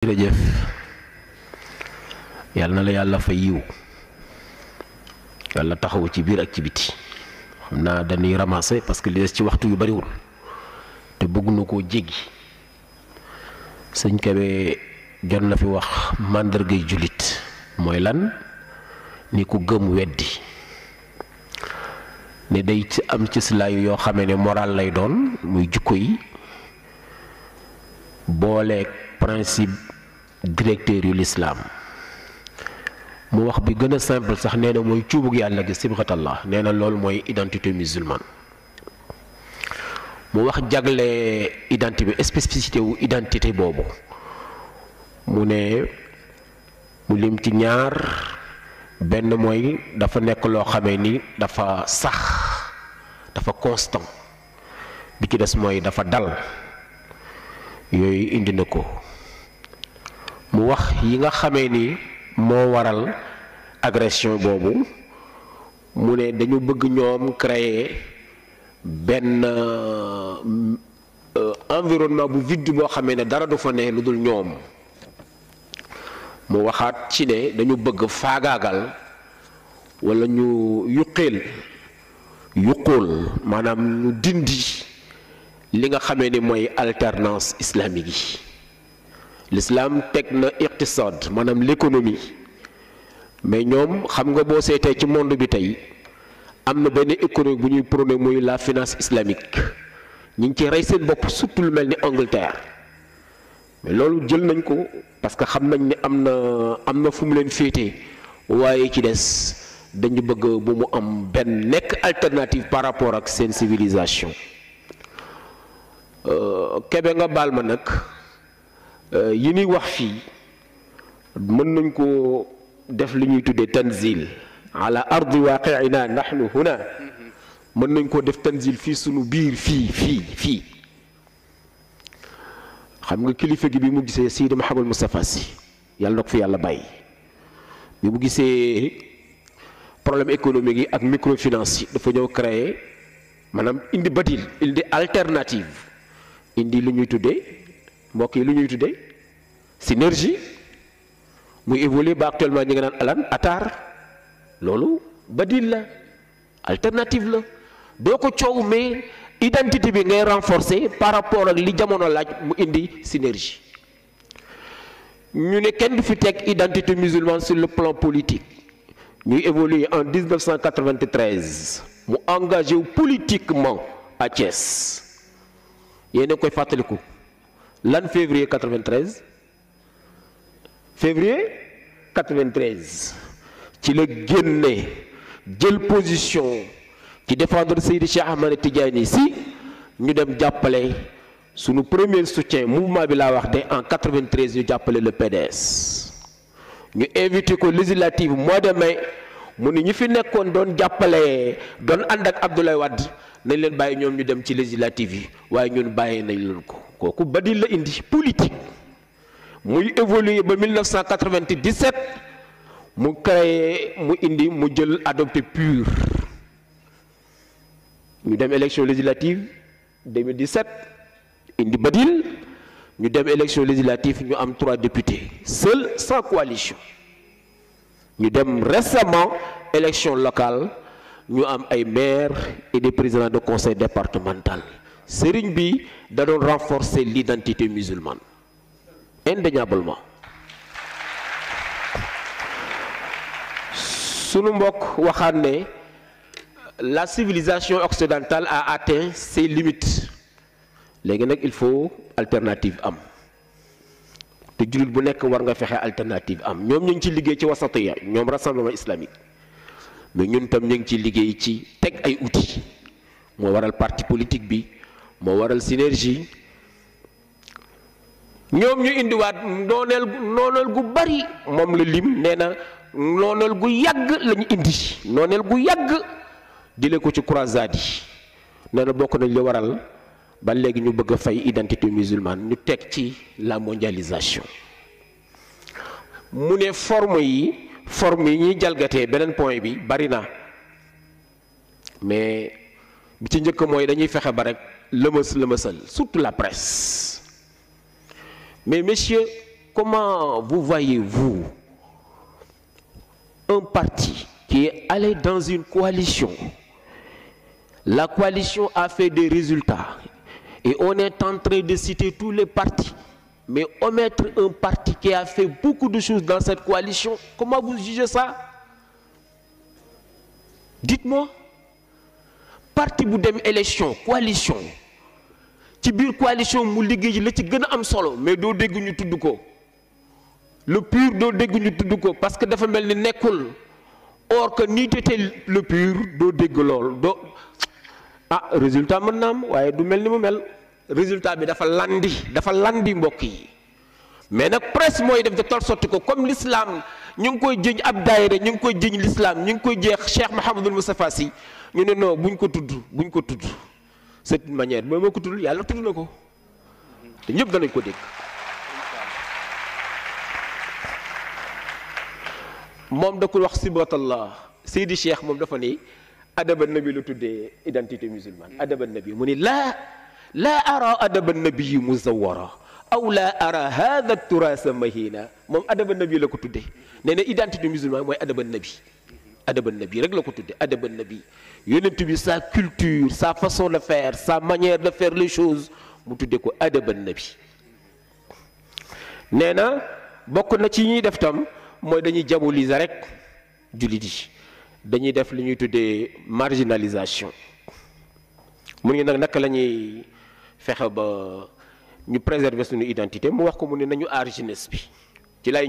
jërëjëf yàlla na la yàlla fa yiw yàlla taxaw ci biir ak ci biti xam naa dañuy ramasser parce que li des ci waxtu yu bariwul te bëgg na koo jéggi sëñ Kebe jot na fi wax màndargay jullit mooy lan ni ku gëm weddi ne day ci am ci yoo xamee ne moral lay doon muy jukko yi booleek principe directeur yu lislaam mu wax bi gën a simple sax nee na mooy cuubug yàlla gi sibxatallah nee na loolu mooy identité musulmane mu wax jagle identité bi spécificité wu identité boobu mu ne mu lim ci ñaar benn mooy dafa nekk loo xamee ni dafa sax dafa constant bi ci des mooy dafa dal yooyu indi na ko mu wax yi nga xamee ni moo waral agression boobu mu ne dañu bëgg ñoom créer benn euh, environnement bu vide boo xamee ne dara du fa ne lu dul ñoom mu waxaat ci ne dañu bëgg faagaagal walla ñu yuqeel yuqul maanaam ñu dindi li nga xamee ni mooy alternance islamique yi lislaam teg na iqtisaad maanaam l'économie mais ñoom xam nga boo seetee ci monde bi tey am na benn économie bu ñuy prôné muy la finance islamique ñu ngi ci rey seen bopp surtout lu mel ni Angleterre loolu jël nañ ko parce que xam nañ ne am na am na fu mu leen féetee waaye ci des dañu bëgg bu mu am benn nekk alternative par rapport ak seen civilisation euh, kebe nga baal ma nag. yi muy wax fii mën nañ ko def li ñuy tuddee tanzil ala ardi waaqiina nahnu huna mën nañ ko def tanzil fii sunu biir fii fii fii xam nga kilifa gi bi mu gisee Seydi Mouhamadou Moustapha Sy yàlla na ko fi yàlla bàyyi bi mu gisee problème économique yi ak microfinance yi dafa ñëw créer maanaam indi badil indi alternative indi lu ñuy tuddee ce que lu ñuy tuddee synergie Nous évolué ba actuellement dans nga naan alan atar loolu badil la alternative la doo ko coow identité bi ngay par rapport ak li jamono laaj mu indi synergie ñu ne kenn du fi teg identité musulmane sur le plan politique avons évolué en 1993 mu engagé politiquement à Thiès yéen a koy fàttaliku l'an février 93 février 93 ci la génne jël position qui défendre le Cheikh Ahmed ici, nous avons appelé sous suñu premier soutien mouvement de la wax en 93 avons appelé le PDS Nous avons invité ko législative mois de mai mu ni ñu fi nous doon jàppale doon ak Abdoulaye Wade nañ leen bàyyi ñoom ñu dem ci législative yi ñun kooku badil la indi politique muy évoluer ba 1997 mu créé mu indi mu jël adopté pur ñu dem élection législative 2017 indi badil ñu dem élection législative ñu am trois députés Seuls, sans coalition ñu dem récemment élection locale Nous avons des maires et des présidents du conseil départemental serigne bi da doon renforcer l'identité musulmane indéniablement sunu mbokk waxaat la civilisation occidentale a atteint ses limites léegi nag il faut alternative am te jullit bu nekk war nga fexe alternative am ñoom ñu ngi ci liggéey ci wasatiya ñoom rassemblement islamique mais ñun tam ñu ngi ci liggéey ci teg ay outils moo waral parti politique bi moo waral synergie ñoom ñu indiwaat nooneel nooneel gu bari moom la lim nee na nooneel gu yàgg lañu indi nooneel gu yàgg jële ko ci croisade yi nee na bokk nañ li waral ba léegi ñu bëgg a fay identité musulmane ñu teg ci la mondialisation mu ne forme yi forme yi ñuy jalgatee beneen point bi bari na mais bi ci dañuy surtout la presse mais messieurs comment vous voyez-vous un parti qui est allé dans une coalition la coalition a fait des résultats et on est en train de citer tous les partis mais omettre un parti qui a fait beaucoup de choses dans cette coalition comment vous jugez ça dites-moi parti bu dem élection coalition ci coalition mu ci solo mais dégg ñu le pur do dégg ñu parce que dafa melni nekkul or que ni le pur do dégg lool ah résultat man nam waye du mu mel résultat bi dafa landi dafa landi yi mais presse def de comme l'islam ñu ngi koy jëñ l'islam ñu Cheikh ñu ne non buñ ko tudd buñ ko tudd cette manière mais moko ko tudd yàlla tudd nako te ñëpp dañ ko dégg. mom da ko wax allah sidi Cheikh mom dafa ni adab an nabi lu tuddé identité musulmane adab an nabi muni la laa laa ara adaba nabi muzawara aw laa ara hada turasa mahina moom adaba nabi la ko tuddee nee na identité musulmane mooy adaba nabi adaba nabi rek la ko tuddee adaba nabi Il sa culture sa façon de faire sa manière de faire les choses mu tuddé ko an nabi néna bokku na ci ñi def tam ni dañuy rek dañuy def li ñuy tuddé marginalisation mu ngi nak naka la ba ñu préserver suñu identité mu wax ko mu nañu bi ci lay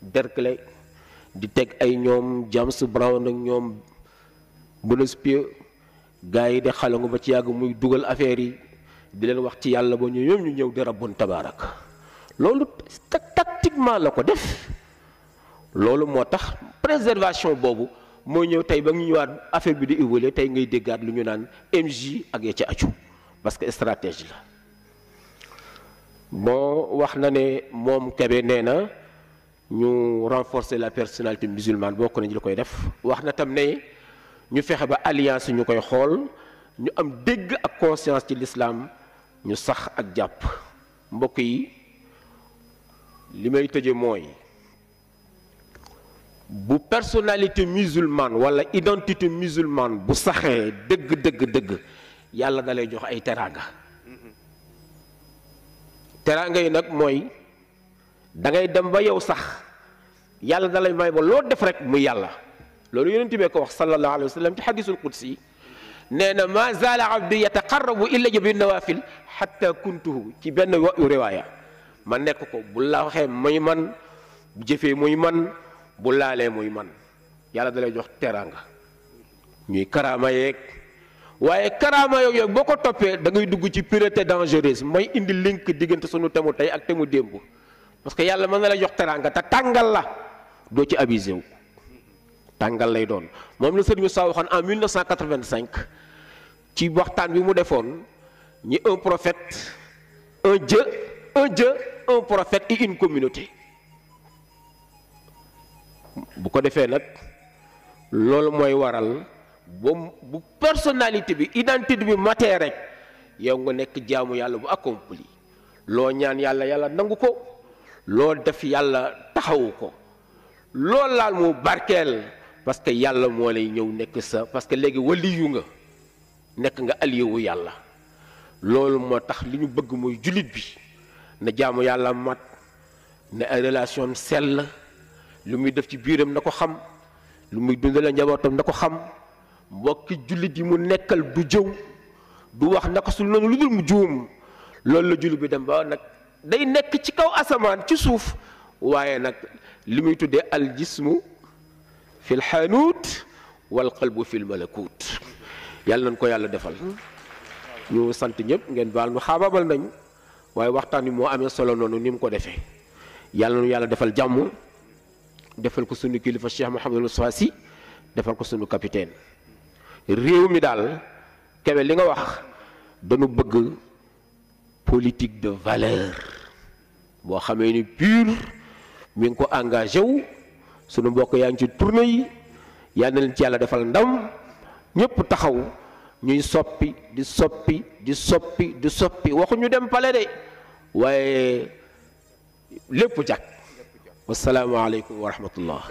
Berkeley di teg ay ñoom James Brown ak ñoom Robespierre gars yi de xalangu ba ci yàgg muy dugal affaire yi di leen wax ci yàlla ba ñu ñu ñëw di rabbun tabaarak loolu tactiquement la ko def loolu moo tax préservation boobu moo ñëw tey ba ñu ñëwaat affaire bi di évoluer tey ngay déggaat lu ñu naan MJ ak ya ci aju parce que stratégie la bon wax na ne moom Kébé nee na ñu renforcer la personnalité musulmane bokk nañu la koy def waxna na tam ne ñu fexé ba alliance ñukoy xol ñu am dégg ak conscience ci l'Islam, ñu sax ak japp mbokk yi li may tëje bu personnalité musulmane wala identité musulmane bu saxé dëgg dëgg dëgg yalla da lay jox ay Teranga mm-hmm. teranga yi nak moy da ngay dem ba yow sax yàlla da lay may ba loo def rek mu yàlla loolu yonent bee ko wax sallallahu alayhi wa sallam ci xadisul qudsi nee na ma zaala abdi yataqarrabu ilayya bi nawafil xatta kuntuhu ci benn riwaaya ma nekk ko bu la waxee muy jëfee muy man bu laalee muy man yàlla da lay jox teraanga ñuy karaama yeeg waaye karaama yooyu boo ko toppee da ngay dugg ci pureté dangereuse mooy indi link diggante sunu temu tey ak mu démb parce que yàlla mën na la jox teraanga te tàngal la doo ci abusé wu tàngal lay doon moom la sëriñ Moussa waxoon en 1985 ci waxtaan bi mu defoon ñi un prophète un Dieu un Dieu un prophète et une communauté bu ko defee nag loolu mooy waral ba bu personnalité bi identité bi matee rek yow nga nekk jaamu yàlla bu accompli loo ñaan yàlla yàlla nangu ko. loo def yàlla taxawu ko lool laal mu barkeel parce que yàlla moo lay ñëw nekk sa parce que léegi waliyu nga nekk nga aliyewu yàlla loolu moo tax li ñu bëgg mooy jullit bi na jaamu yàlla mat na ay relation am sell lu muy def ci biiram na ko xam lu muy dundale njabootam na ko xam mbokki jullit yi mu nekkal du jëw du wax naka su noonu lu dul mu juum loolu la jullit bi dem ba nag day nek ci kaw asaman ci souf waye nak limuy tuddé al jismu fil hanut wal qalbu fil malakut yàlla nango yàlla defal ñu sant ñep ngeen baal nu xababal nañ waye waxtan wi moo amee solo nonu nim ko defé yàlla nu yàlla defal jàmm defal ko sunu kilifa Cheikh mohammed Moustapha Sy defal ko sunu capitaine rew mi dal kewé li nga wax dañu bëgg politique de valeur bo xamé ni pur mi ngi ko engagé wu suñu mbokk yaangi ci tourné yi yalla ci yalla defal ndam ñepp taxaw ñuy soppi di soppi di soppi di soppi waxu ñu dem palé dé wayé lepp jak assalamu alaykum wa rahmatullah